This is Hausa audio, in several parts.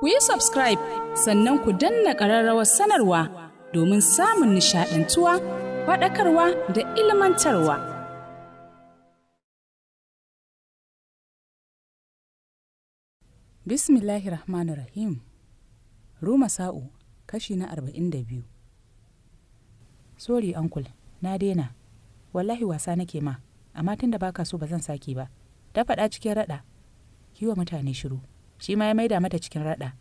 ku yi subscribe sannan ku danna ƙararrawar sanarwa domin samun nishaɗantuwa faɗakarwa da ilmantarwa. bismillahi rahman Rahim Ruma Sa'u kashi na arba'in da biyu. Sori ankul, na daina, wallahi wasa nake ma, amma tun da baka so ba zan sake ba, ta faɗa cikin raɗa, wa mutane shiru. shi ma ya maida mata cikin raɗa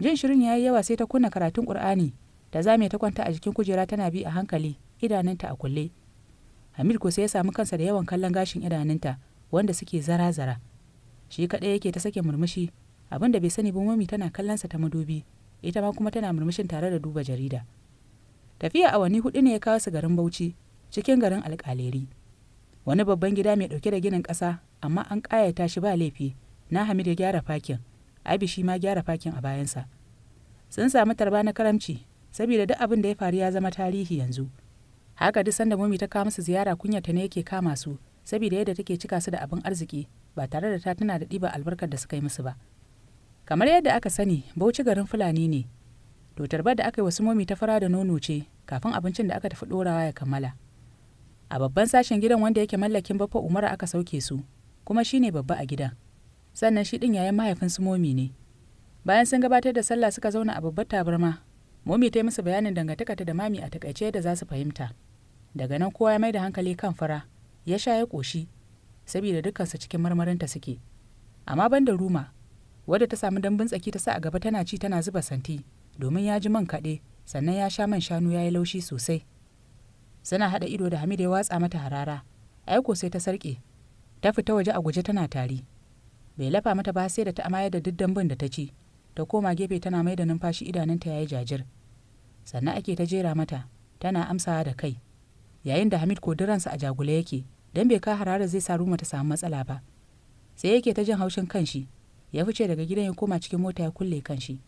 jin shirin ya yi yawa sai ta kunna karatun ƙur'ani da zame ta kwanta a jikin kujera tana bi a hankali idanunta a kulle hamid ko sai ya samu kansa da yawan kallon gashin idanunta wanda suke zara-zara shi kadai yake ta sake murmushi abin da bai sani ba mami tana kallonsa ta madubi ita ma kuma tana murmushin tare da duba jarida tafiya awanni hudu ne ya kawo su garin bauchi cikin garin alkaleri wani babban gida mai dauke da ginin ƙasa amma an ƙayata shi ba laifi na hamid ya gyara fakin abi shi ma gyara fakin a bayansa sun samu tarba na karamci saboda duk abin da ya faru ya zama tarihi yanzu haka duk sanda mumi ta kawo musu ziyara kunya ta ne yake kama su saboda yadda take cika su da abin arziki ba tare da ta tana da ɗiba albarkar da suka yi musu ba kamar yadda aka sani bauchi garin fulani ne to tarbar da aka yi wasu momi ta fara da nono ce kafin abincin da aka tafi ɗorawa ya kammala a babban sashen gidan wanda yake mallakin baffa umara aka sauke su kuma shine babba a gidan sannan shi ɗin yayin mahaifin su momi ne bayan sun gabatar da sallah suka zauna a babbar tabarma momi ta yi musu bayanin ta da mami a takaice da za su fahimta daga nan kowa ya mai da hankali kan fara ya sha ya ƙoshi saboda dukkansu cikin marmarinta suke amma ban da ruma wadda ta samu dambun tsaki ta sa a gaba tana ci tana zuba santi domin ya ji man kaɗe sannan ya sha man shanu ya yi laushi sosai suna haɗa ido da hamida ya watsa mata harara aiko sai ta sarƙe ta fita waje a guje tana tari bai lafa mata ba sai da ta amayar da duk da ta ci ta koma gefe tana mai da numfashi idanunta ya yi jajir sannan ake ta jera mata tana amsawa da kai yayin da hamid ko diransa a jagula yake don bai ka harara zai sa ruma ta samu matsala ba sai yake ta jin haushin kanshi ya fice daga gidan ya koma cikin mota ya kulle kanshi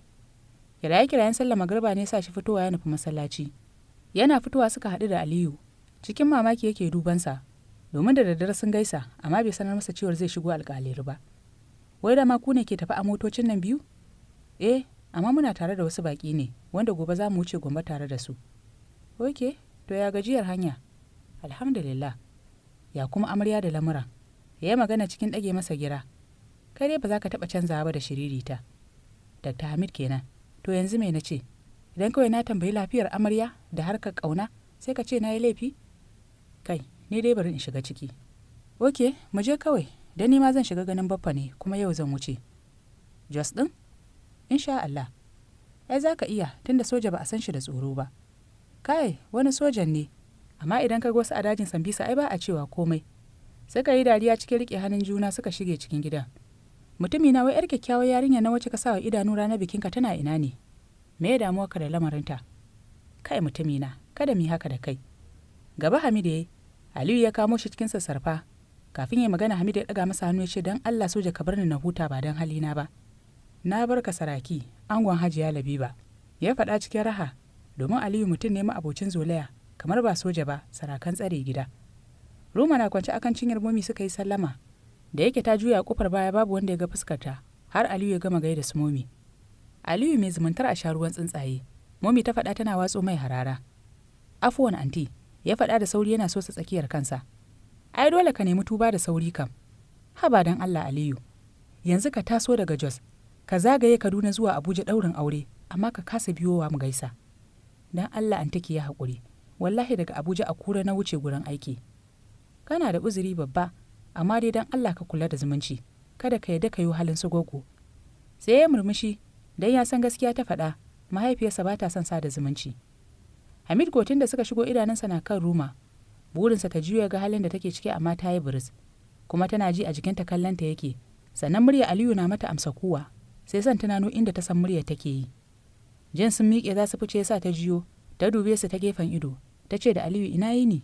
kiraye kirayen sallah magarba ne sa shi fitowa ya nufi masallaci yana fitowa suka haɗu da aliyu cikin mamaki yake dubansa domin da daddare sun gaisa amma bai sanar masa cewar zai shigo alƙaliri ba wai ma ku ne ke tafi a motocin nan biyu eh amma muna tare da wasu baƙi ne wanda gobe za mu wuce gombe tare da su ok to ya gajiyar hanya alhamdulillah ya kuma amarya da lamura ya yi magana cikin ɗage masa gira kai dai ba za ka taɓa canzawa ba da shiririta dr hamid kenan to yanzu me na ce idan kawai na tambayi lafiyar amarya da harkar ƙauna sai ka ce na yi laifi kai ni dai bari in shiga ciki ok mu je kawai da ni ma zan shiga ganin baffa ne kuma yau zan wuce jos ɗin insha allah ai za ka iya tunda soja ba a san shi da tsoro ba kai wani sojan ne amma idan ka ga wasu a dajin sambisa ai ba a cewa komai suka yi dariya cikin riƙe hannun juna suka shige cikin gidan mutumi na wai yar kyakkyawar yarinya na wacce ka sa wa idanu ranar bikinka tana ina ne me ya damuwa ka da lamarinta kai mutumi kada mu yi haka da kai gaba hamid yayi aliyu ya kamo shi cikin sassarfa kafin ya magana hamid ya ɗaga masa hannu ya ce don allah soja ka bar ni na huta ba don halina ba na bar ka saraki angon hajiya labiba ya faɗa cikin raha domin aliyu mutum ne abocin zolaya kamar ba soja ba sarakan tsare gida roma na kwance akan cinyar momi suka yi sallama da yake ta juya kofar baya babu wanda ya ga fuskarta har aliyu ya gama gai da su momi aliyu mai zumuntar a sha ruwan tsuntsaye momi ta faɗa tana watso mai harara afuwan anti ya faɗa da sauri yana so sa tsakiyar kansa ai dole ka nemi tuba da sauri kam haba don allah aliyu yanzu ka taso daga jos ka zagaye kaduna zuwa abuja ɗaurin aure amma ka kasa biyowa mu gaisa don allah an take ya haƙuri wallahi daga abuja a kura na wuce gurin aiki kana da uzuri babba amma dai don allah ka kula da zumunci kada ka yadda ka yi halin gogo. sai ya murmushi Dan ya san gaskiya ta faɗa mahaifiyarsa ba ta son sa da zumunci hamid gotin da suka shigo idanunsa na kan ruma burinsa ta juya ga halin da take ciki amma ta yi biris kuma tana ji a jikinta kallonta yake sannan murya aliyu na mata amsa kuwa sai son tunano inda ta san murya take yi jin sun miƙe za su fice sa ta jiyo ta dube su ta gefen ido ta ce da aliyu ina yi ne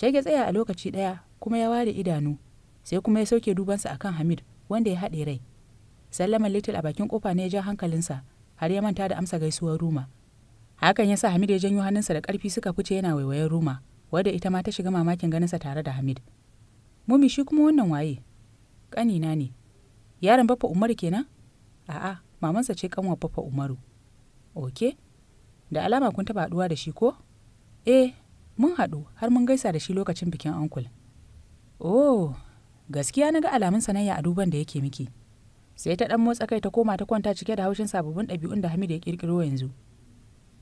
ke tsaya a lokaci ɗaya kuma ya ware idanu sai kuma ya sauke dubansa akan hamid wanda ya haɗe rai sallaman little a bakin kofa ne ya ja hankalinsa har ya manta da amsa gaisuwar ruma hakan ya sa hamid ya janyo hannunsa da ƙarfi suka fice yana waiwayen ruma wadda ita ma ta shiga mamakin ganinsa tare da Hamid. Mumi shi kuma wannan waye? Ƙanina ne. Yaron Baffa Umaru kenan? A'a, mamansa ce kanwar Baffa Umaru. Oke? Da alama kun taɓa haɗuwa da shi ko? Eh, mun haɗu har mun gaisa da shi lokacin bikin ankul. Oh, gaskiya na ga alamun sanayya a duban da yake miki. Sai ta ɗan motsa kai ta koma ta kwanta cike da haushin sababbin ɗabi'un da Hamid ya ƙirƙiro yanzu.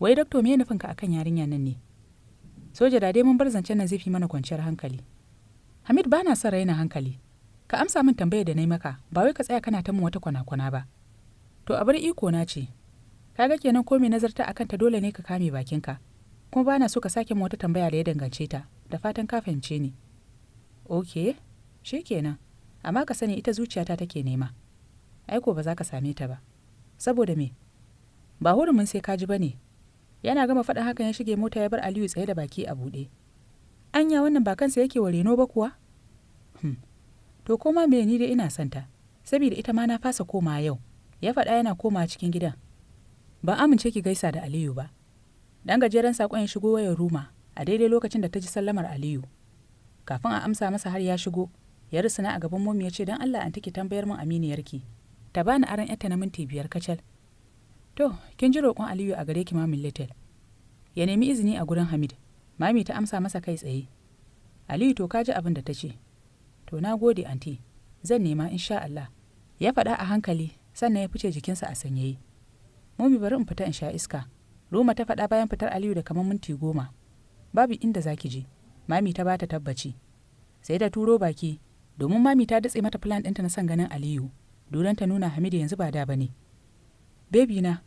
Wai dakto me nufinka akan yarinya nan ne? soja da dai mun bar zancen nan zai fi mana kwanciyar hankali hamid ba na son raina hankali ka amsa min tambayar da na maka ba wai ka tsaya kana ta mu wata kwana-kwana ba to a bar iko na ce kaga kenan ko mai nazarta akan ta dole ne ka kame bakinka kuma bana so ka sake wata tambaya da ya dangance ta da fatan ka fahimce ni ok kenan. amma ka sani ita zuciyata take nema aiko ba za ka same ta ba saboda me ba hurumin sai ka ji ba ne yana gama faɗa hakan ya shige mota ya bar aliyu tsaye da baki a buɗe anya wannan ba kansa yake wa reno ba kuwa hmm. to koma me ni da ina santa saboda ita ma na fasa koma yau ya faɗa yana koma cikin gidan ban amince ki gaisa da aliyu ba dan gajeren sakon ya shigo wayar ruma a daidai lokacin da ta ji sallamar aliyu kafin a amsa masa har ya shigo ya risina a gaban momi ya ce don allah an take tambayar min aminiyarki ta bani aron yata na minti biyar kacal to kin ji roƙon aliyu a gare ki mamin little ya nemi izini a gurin hamid mami ta amsa masa kai tsaye aliyu to ka ji abin da ta ce to na gode anti zan nema insha allah ya faɗa a hankali sannan ya fice jikinsa a sanyaye Mami bari in fita in sha iska roma ta faɗa bayan fitar aliyu da kamar minti goma babu inda za ki je mami ta bata tabbaci sai da turo baki domin mami ta datse mata plan ɗinta na son ganin aliyu Duran ta nuna Hamid yanzu ba da ba ne bebi na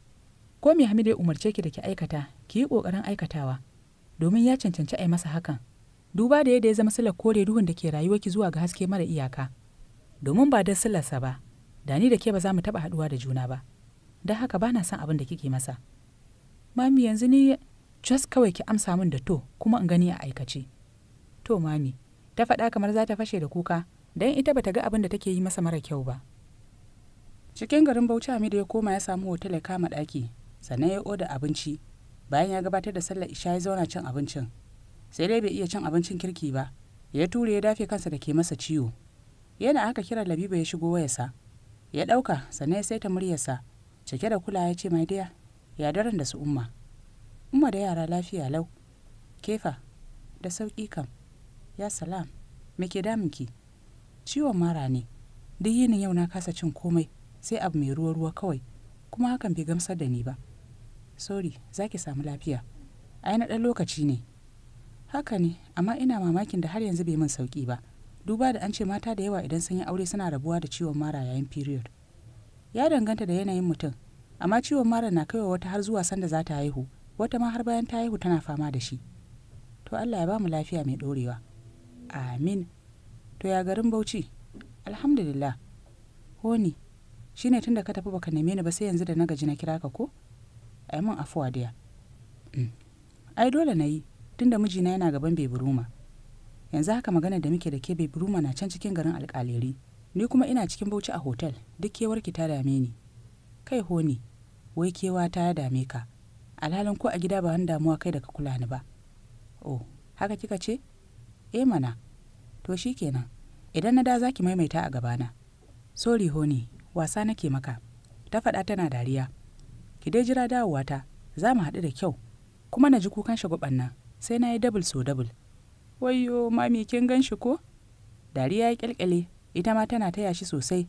ko mai hamidai ya umarce ki da ki aikata ki yi ƙoƙarin aikatawa domin ya cancanci a yi masa hakan duba da yadda ya zama sila kore duhun da ke rayuwarki zuwa ga haske mara iyaka domin ba da silarsa ba da ni da ke ba za mu taɓa haɗuwa da juna ba don haka ba na son abin da kike masa mami yanzu ni just kawai ki amsa min da to kuma in gani a aikace to mami ta faɗa kamar za ta fashe da kuka don ita bata ga abin da take yi masa mara kyau ba cikin garin bauchi hamidu ya koma ya samu hotel ya kama ɗaki sannan ya oda abinci bayan ya gabatar da sallar isha ya zauna cin abincin sai dai bai iya cin abincin kirki ba ya ture ya dafe kansa da ke masa ciwo yana haka kira labiba ya shigo wayarsa ya ɗauka sannan ya saita muryarsa cike da kula ya ce mai daya ya daren da su umma umma da yara lafiya lau kefa da sauki kam ya salam me ke damunki ciwon mara ne duk yinin yau na kasa cin komai sai abu mai ruwa-ruwa kawai kuma hakan bai gamsar da ni ba sorry za ki samu lafiya ai na ɗan lokaci ne haka ne amma ina mamakin da har yanzu bai min sauki ba duba da an ce mata da yawa idan sun yi aure suna rabuwa da ciwon mara yayin period ya danganta da yanayin mutum amma ciwon mara na kaiwa wata har zuwa sanda za ta haihu wata ma har bayan ta haihu tana fama da shi to allah ya ba mu lafiya mai ɗorewa amin to ya garin bauchi alhamdulillah honi shine tunda ka tafi baka neme ni ba sai yanzu da na gaji na kira ka ko a mun min afuwa diya mm. ai dole na yi tunda mijina yana gaban beburuma yanzu haka magana da muke da ke beburuma na can cikin garin alƙaleri ni kuma ina cikin bauchi a hotel duk kewarki ta dame ni kai honi wai kewa ta dame ka alhalin ko a gida ba wani damuwa kai da ka kula ni ba oh haka kika ce eh mana to shi kenan idan na da za maimaita a gabana sori honi wasa nake maka ta faɗa tana dariya ki dai jira dawowata za mu haɗu da kyau kuma na ji kukan shagwaban nan sai na yi dabul so dabul wayo mami kin gan shi ko dariya ya kyalkyale ita ma tana taya shi sosai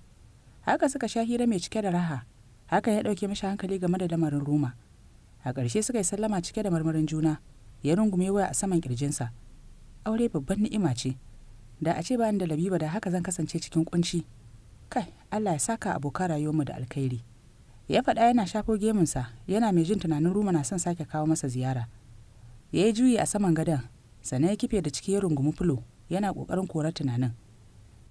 haka suka sha hira mai cike da raha haka ya ɗauke mashi hankali game da lamarin ruma a ƙarshe suka yi sallama cike da marmarin juna ya rungume waya a saman ƙirjinsa aure babban ni'ima ce da a ce bani da labiba da haka zan kasance cikin ƙunci. kai allah ya saka abokan rayuwarmu da alkhairi ya faɗa yana shafo gemunsa yana mai jin tunanin ruma na son sake kawo masa ziyara ya yi juyi a saman gadon sannan ya kife da ciki ya rungumi fulo yana ƙoƙarin korar tunanin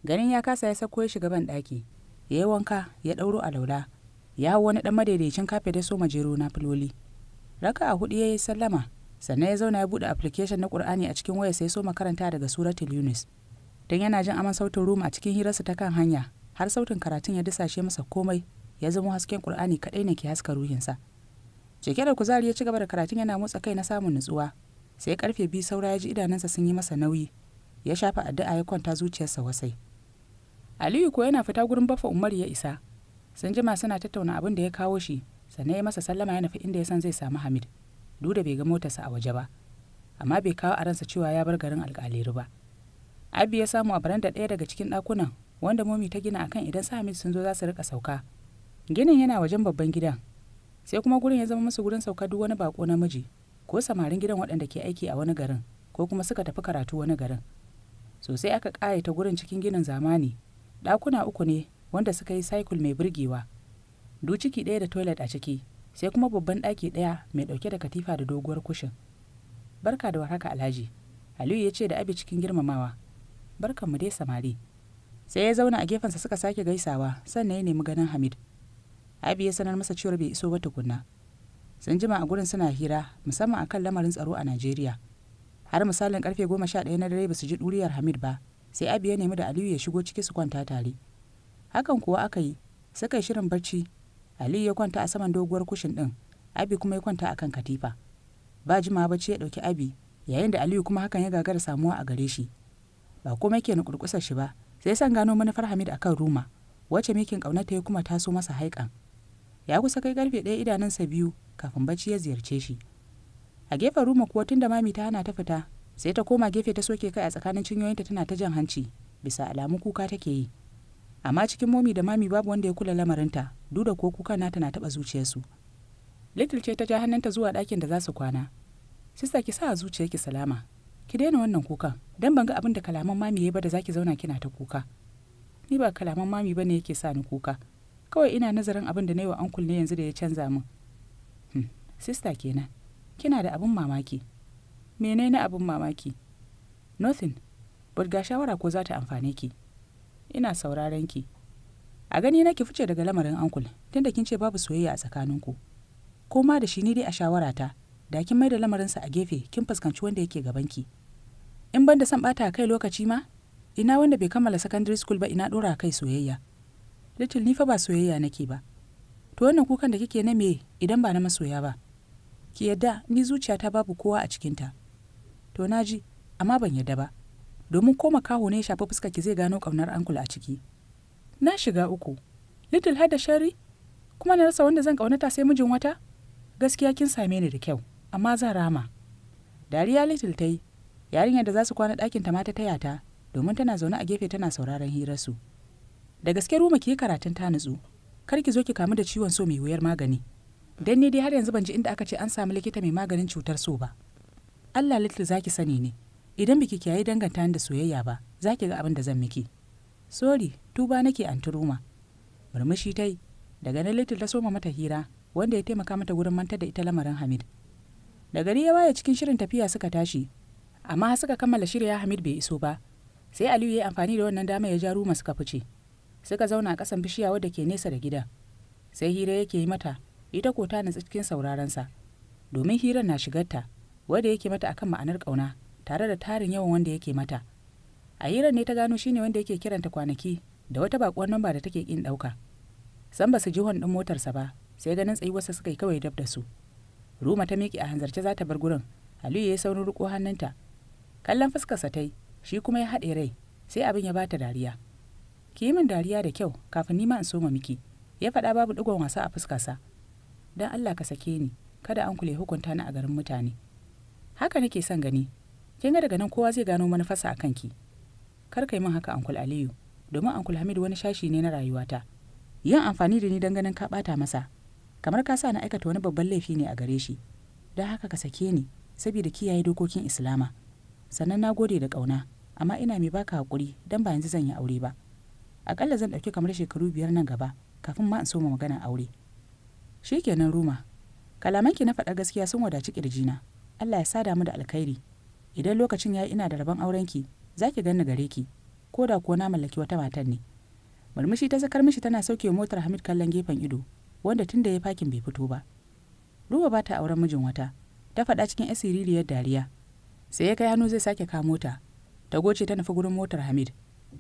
ganin ya kasa ya sako ya shiga ban ɗaki ya yi wanka ya ɗauro a laula, ya hau wani ɗan madaidaicin kafe da so majero na filoli raka a hudu ya yi sallama sannan ya zauna ya buɗe application na ƙur'ani a cikin wayarsa ya so makaranta daga suratul yunus don yana jin aman sautin ruma a cikin hirarsa ta kan hanya har sautin karatun ya dusashe masa komai ya zama hasken Qur'ani kaɗai ne ke haska ruhinsa. Cike da kuzari ya ci gaba da karatun yana motsa kai na samun nutsuwa. Sai karfe biyu saura ya ji idanunsa sun yi masa nauyi. Ya shafa addu'a ya kwanta zuciyarsa wasai. Aliyu ko yana fita gurin bafa Umar ya isa. Sun jima suna tattauna abin da ya kawo shi, sannan ya masa sallama ya nufi inda ya san zai samu Hamid. Duk da bai ga motarsa a waje ba. Amma bai kawo a ransa cewa ya bar garin alƙaliru ba. Abi ya samu a baranda ɗaya daga cikin ɗakunan wanda momi ta gina akan idan su Hamid sun zo za su rika sauka ginin yana wajen babban gidan sai kuma gurin ya zama masu gurin sauka duk wani bako namiji ko samarin gidan waɗanda ke aiki a wani garin ko kuma suka tafi karatu wani garin sosai aka ƙayata gurin cikin ginin zamani ɗakuna uku ne wanda suka yi cycle mai burgewa du ciki ɗaya da toilet a ciki sai kuma babban ɗaki ɗaya mai ɗauke da katifa da doguwar kushin barka da warhaka alhaji aliyu ya ce da abi cikin girmamawa barkanmu dai samari sai ya zauna a gefensa suka sake gaisawa sannan ya nemi ganin hamid abi ya sanar masa cewar bai iso ba tukunna sun jima a gurin suna hira musamman akan lamarin tsaro a najeriya har misalin karfe goma sha ɗaya na dare ba su ji ɗuriyar hamid ba sai abi ya nemi da aliyu ya shigo ciki su kwanta tare hakan kuwa aka yi suka yi shirin barci aliyu ya kwanta a saman doguwar kushin ɗin abi kuma ya kwanta akan katifa ba jima bacci ya ɗauki abi yayin da aliyu kuma hakan ya gagara samuwa a gare shi ba komai ke nukurkusar shi ba sai san gano manufar hamid akan ruma wacce mikin ƙaunata ya kuma taso masa haikan ya kusa kai karfe ɗaya idanunsa biyu kafin bacci ya ziyarce shi a gefen ruma kuwa da mami ta hana ta fita sai ta koma gefe ta soke kai a tsakanin cinyoyinta tana ta jan hanci bisa alamu kuka take yi amma cikin momi da mami babu wanda ya kula lamarinta duk da ko kuka nata na taɓa zuciyarsu little ce ta ja hannunta zuwa ɗakin da za su kwana sista ki sa a ki salama ki daina wannan kukan dan ban ga abin da kalaman mami ya yi ba da zaki zauna kina ta kuka ni ba kalaman mami ba ne yake sa ni kuka kawai ina nazarin abin da na yi wa ankul ne yanzu da ya canza min hmm, sista kenan kina da abin mamaki menene abin mamaki nothing but ga shawara ko za ta amfane ki ina sauraren ki a gani na ki fice daga lamarin ankul tunda kin ce babu soyayya a tsakaninku ko ma da shi ni dai a shawara ta da kin mai da lamarinsa a gefe kin fuskanci wanda yake ki. in ban da son bata kai lokaci ma ina wanda bai kammala secondary school ba ina dora kai soyayya little ni fa ba soyayya nake ba to wannan kukan da kike na me idan ba na masoya ba ki yadda ni zuciyata babu kowa a cikinta to na ji amma ban yadda ba domin ko makaho ne ya shafi fuska ki zai gano kaunar ankul a ciki na shiga uku little har shari kuma na rasa wanda zan ƙaunata sai mijin wata gaskiya kin same ni da kyau amma zan rama dariya little ta yi yarinyar da za su kwana ɗakin ta ma ta taya domin tana zaune a gefe tana sauraron hirar su. da gaske ruma ke karatun ta nutsu kar ki zo ki kamu da ciwon so mai wuyar magani dan ni dai har yanzu ban ji inda aka ce an samu likita mai maganin cutar so ba Allah little zaki sani ne idan biki kiyaye danganta da soyayya ba zaki ga abin da zan miki sorry tuba nake anturuma murmushi tai daga nan little ta soma mata hira wanda ya taimaka mata gurin manta da ita lamarin hamid da gari ya waye cikin shirin tafiya suka tashi amma suka kammala shirya hamid bai iso ba sai aliyu ya amfani da wannan dama ya ja ruma suka fice suka zauna ƙasan bishiya wadda ke nesa da gida sai hira yake yi mata ita ko ta nutsi cikin saurarensa domin hiran na shigarta wadda yake mata akan ma'anar ƙauna tare da tarin yawan wanda yake mata a hiran ne ta gano shine wanda yake kiranta kwanaki da wata bakuwar namba da take ƙin ɗauka san ba su ji hon ɗin motarsa ba sai ganin tsayuwarsa suka yi kawai dab da su ruma ta miƙe a hanzarce za ta bar gurin aliyu ya saurin riƙo hannunta kallon fuskarsa ta yi shi kuma ya haɗe rai sai abin ya bata dariya ki yi min dariya da kyau kafin nima in soma miki ya faɗa babu ɗigon wasa a fuskarsa don allah ka sake ni kada an kule hukunta ni a garin mutane haka nake son gani kin ga daga nan kowa zai gano manufarsa a kanki kar ka yi min haka ankul aliyu domin ankul hamid wani shashi ne na rayuwata yin amfani da ni don ganin ka ɓata masa kamar ka sa na aikata wani babban laifi ne a gare shi don haka ka sake ni saboda kiyaye dokokin islama sannan na gode da ƙauna amma ina mai baka haƙuri don ba yanzu zan yi aure ba akalla zan ɗauki kamar shekaru biyar nan gaba kafin ma in so ma magana aure shi kenan ruma kalamanki na faɗa gaskiya sun wadaci na allah ya sada mu da alkhairi idan lokacin ya ina da rabon aurenki za ki ganni gare ki ko da kuwa na mallaki wata matan ne murmushi ta sakar mishi tana sauke motar hamid kallon gefen ido wanda tun da ya fakin bai fito ba ruwa ba ta auren mijin wata ta faɗa cikin asiririyar dariya sai ya kai hannu zai sake kamo mota. ta goce ta nufi gurin motar hamid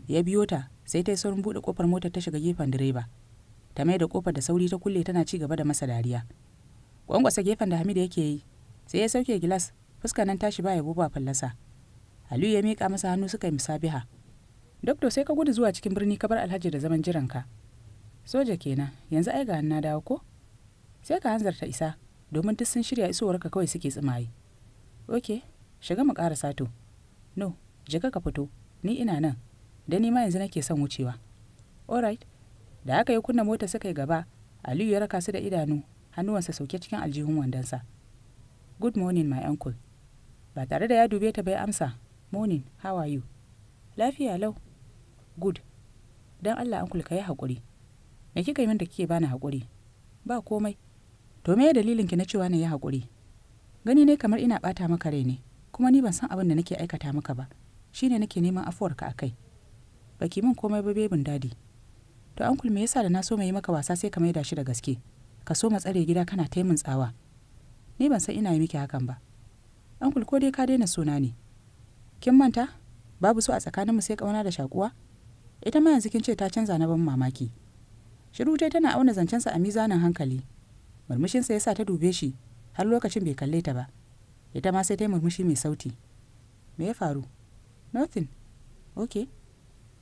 ya biyo ta sai ta yi saurin buɗe ƙofar motar ta shiga gefen direba ta mai da ƙofar da sauri ta kulle tana ci gaba da masa dariya ƙwanƙwasa gefen da hamida yake yi sai ya sauke gilas fuska nan tashi ba yabo a fallasa aliyu ya miƙa masa hannu suka yi musabiha dokto sai ka gudu zuwa cikin birni ka bar alhaji da zaman jiranka soja kenan yanzu ai ga na dawo ko sai ka hanzarta isa domin duk sun shirya isowarka kawai suke tsimaye ok shiga mu ƙara sato no jika ka fito ni ina nan da ni ma yanzu nake son wucewa alright da aka yi kunna mota suka yi gaba aliyu ya raka su da idanu hannuwansa sauke cikin aljihun wandonsa good morning my uncle ba tare da ya dube ta bai amsa morning how are you lafiya lau good don allah uncle ka yi hakuri. me kika yi min da kike bani hakuri. ba komai to me dalilin ki na cewa na yi hakuri. gani ne kamar ina ɓata maka rai ne kuma ni ban san abin da nake aikata maka ba shine nake neman afuwarka a kai Baki min komai ba bebin dadi to ankul me yasa da na so mai maka wasa sai ka maida shi da gaske ka so matsare gida kana ta tsawa ni ban san ina yi miki hakan ba ankul ko dai ka daina suna ne kin manta babu so a tsakanin mu sai kauna da shakuwa ita ma yanzu kin ce ta canza na ban mamaki shiru tai tana auna zancensa a mizanin hankali murmushinsa ya sa ta dube shi har lokacin bai kalle ta ba ita ma sai ta yi murmushi mai sauti me ya faru nothing okay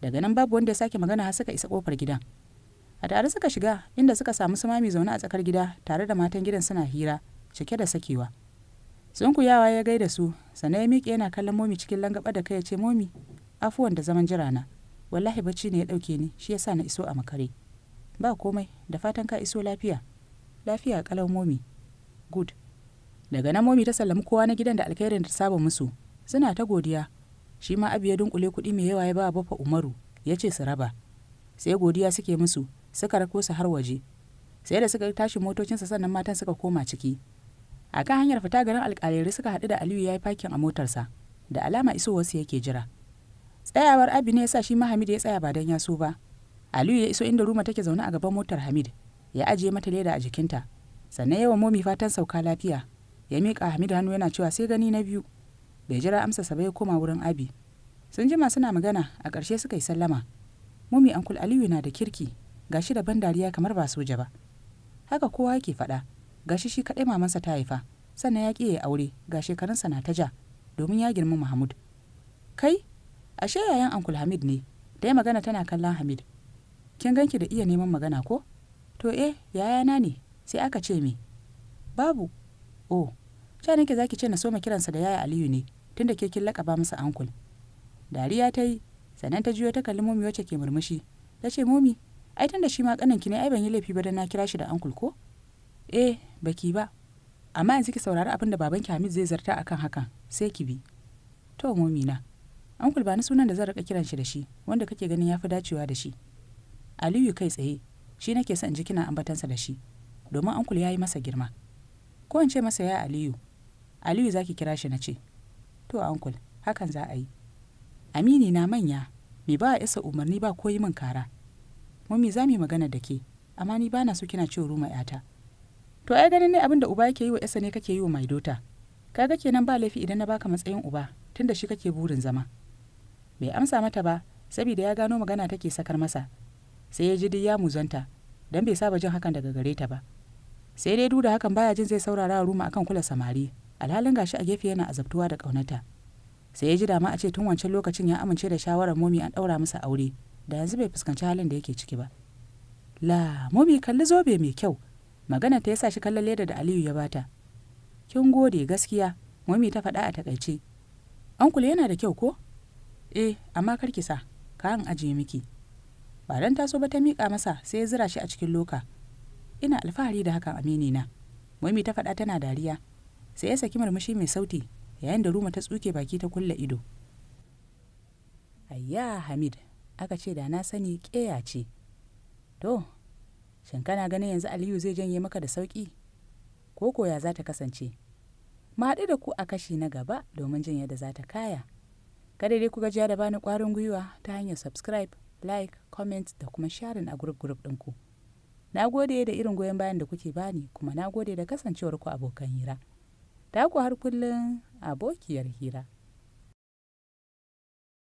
daga nan babu wanda ya sake magana har suka isa kofar gidan a tare suka shiga inda suka samu sumami zaune a tsakar gida tare da matan gidan suna hira cike da sakewa sunkuyawa ya gaida su sannan ya miƙe yana kallon momi cikin langaba da kai ya ce momi afuwan da zaman jira na wallahi bacci ne ya ɗauke ni shi yasa na iso a makare ba komai da fatan ka iso lafiya lafiya kalau momi good daga nan momi ta sallami kowa na gidan da alkhairin ta saba musu suna ta godiya shi ma abu ya dunkule kuɗi mai yawa ya ba bafa umaru ya ce su raba sai godiya suke musu suka rako su har waje sai da suka yi tashi motocinsa sannan matan suka koma ciki a kan hanyar fita garin alƙalai suka haɗu da aliyu ya yi fakin a motarsa da alama isowarsu yake jira tsayawar abi ne ya sa shi ma hamid ya tsaya ba don ya so ba aliyu ya iso inda ruma take zaune a gaban motar hamid ya ajiye mata leda a jikinta sannan yawan momi fatan sauka lafiya ya miƙa hamid hannu yana cewa sai gani na biyu bai jira amsa sa ya koma wurin abi sun jima suna magana a ƙarshe suka yi sallama mumi ankul aliyu na da kirki gashi da ban dariya kamar ba soja ba haka kowa yake faɗa ga shi shi kaɗai mamansa ta haifa sannan ya ƙi ya aure ga shekarunsa na ta ja domin ya girma mahmud kai ashe yayan ankul hamid ne da ya magana tana kallon hamid kin ganki da iya neman magana ko to eh yayana ne sai aka ce me babu oh cewa nake zaki ce na soma kiransa da yaya aliyu ne tunda ke kin lakaba musu ankul dariya ta yi sannan ta juyo ta kalli momi wacce ke murmushi ta ce momi ai tunda shi ma kanin ki ne ai ban yi laifi ba dan na kira shi da ankul ko eh baki ba amma yanzu ki saurari abin da babanki Hamid zai zarta akan hakan sai ki bi to momi na ankul ba ni sunan da zan rika kiran shi da shi wanda kake ganin fi dacewa da shi Aliyu kai tsaye shi nake son ji kina ambatansa da shi domin ankul ya yi masa girma ko in ce masa ya Aliyu Aliyu zaki kira shi na ce to ankul hakan za a yi amini na manya me ba 'yasa, isa umarni ba ko yi min kara mummi za mu magana da ke amma ni ba na so kina ciwo ruma yata to ai ganin ne abin da uba yake yi wa isa ne kake yi wa mai dota kaga kenan ba laifi idan na baka matsayin uba tunda shi kake burin zama bai amsa mata ba saboda ya gano magana take sakar masa sai ya ji ya muzanta don bai saba jin hakan daga gare ta ba sai dai duda hakan baya jin zai saurara ruma akan kula samari alhalin gashi a gefe yana azabtuwa da ƙaunata sai ya ji dama a ce tun wancan lokacin ya amince da shawarar momi an ɗaura masa aure da yanzu bai fuskanci halin da yake ciki ba la momi kalli zobe mai kyau magana ta yasa shi kallon leda da aliyu ya bata kin gode gaskiya momi ta faɗa a takaice ankule yana da kyau ko eh amma kar ki sa ka an ajiye miki ba dan taso ba ta miƙa masa sai ya zira shi a cikin loka ina alfahari da hakan amini na momi ta faɗa tana dariya sai ya saki marmashi mai sauti yayin da ruma ta tsuke baki ta kulle ido ayya hamid aka ce da na sani keya ce to shin kana ganin yanzu aliyu zai janye maka da sauƙi ko koya za ta kasance ma da ku a kashi na gaba domin jin da za ta kaya kada dai ku gajiya da bani kwarin gwiwa ta hanyar subscribe like comment da kuma sharing a group group ɗinku na gode da irin goyon bayan da kuke bani kuma na gode da kasancewarku abokan hira taku har kullum abokiyar hira.